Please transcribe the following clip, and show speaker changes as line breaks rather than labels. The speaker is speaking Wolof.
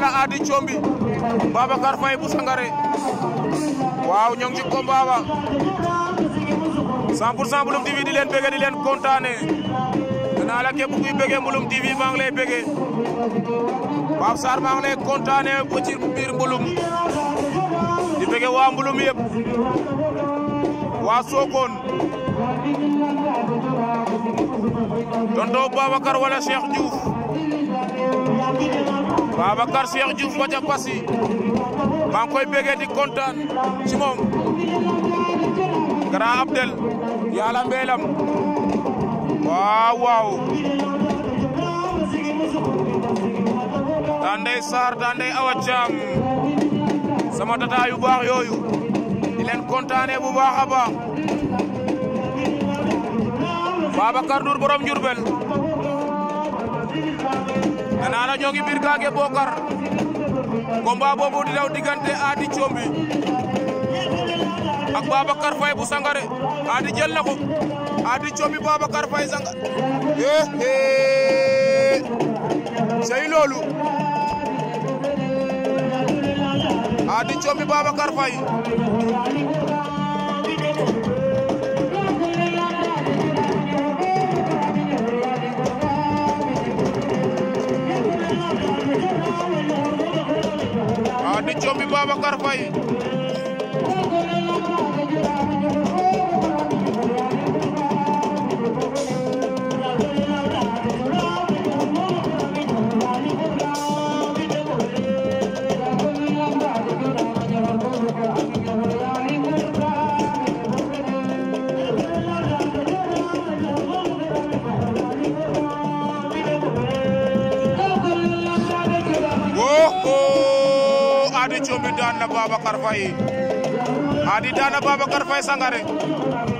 la Ady Thiomby Babacar Faye bu Sangaré waaw ñoo ngi ci combat ba 100 pour cent Mbouloum TV di di leen kontaane danaa la képp kuy bëggee Mbouloum TV maa ngi lay bëggee Pape Sarr maa ngi lay kontaane biir Mbouloum di bëggee waa Mbouloum yëpp waa Sokone tonton Babacar wala Cheikh Diouf Babacar Cheikh Diouf ba ca Passy maa ngi koy bégee di kontaan ci moom Grand Abdel yàlla mbeelam waaw daan dey Sarr daan dey Awa sama tata yu baax yooyu di leen bu baax a baax Babacar Ndour borom Diourbel Nana ñoo ngi biir Kaake Bokar combat boobu di daw diggante Ady Thiomby ak Babacar Faye bu Sangaré Ady jël na ko Ady Thiomby Babacar Faye Sangaré eh eh sey loolu Ady Thiomby Babacar Faye waa di coombi Babacar Faye Oh, oh. Ady Thiomby daan na Babacar Faye Ady daan na Babacar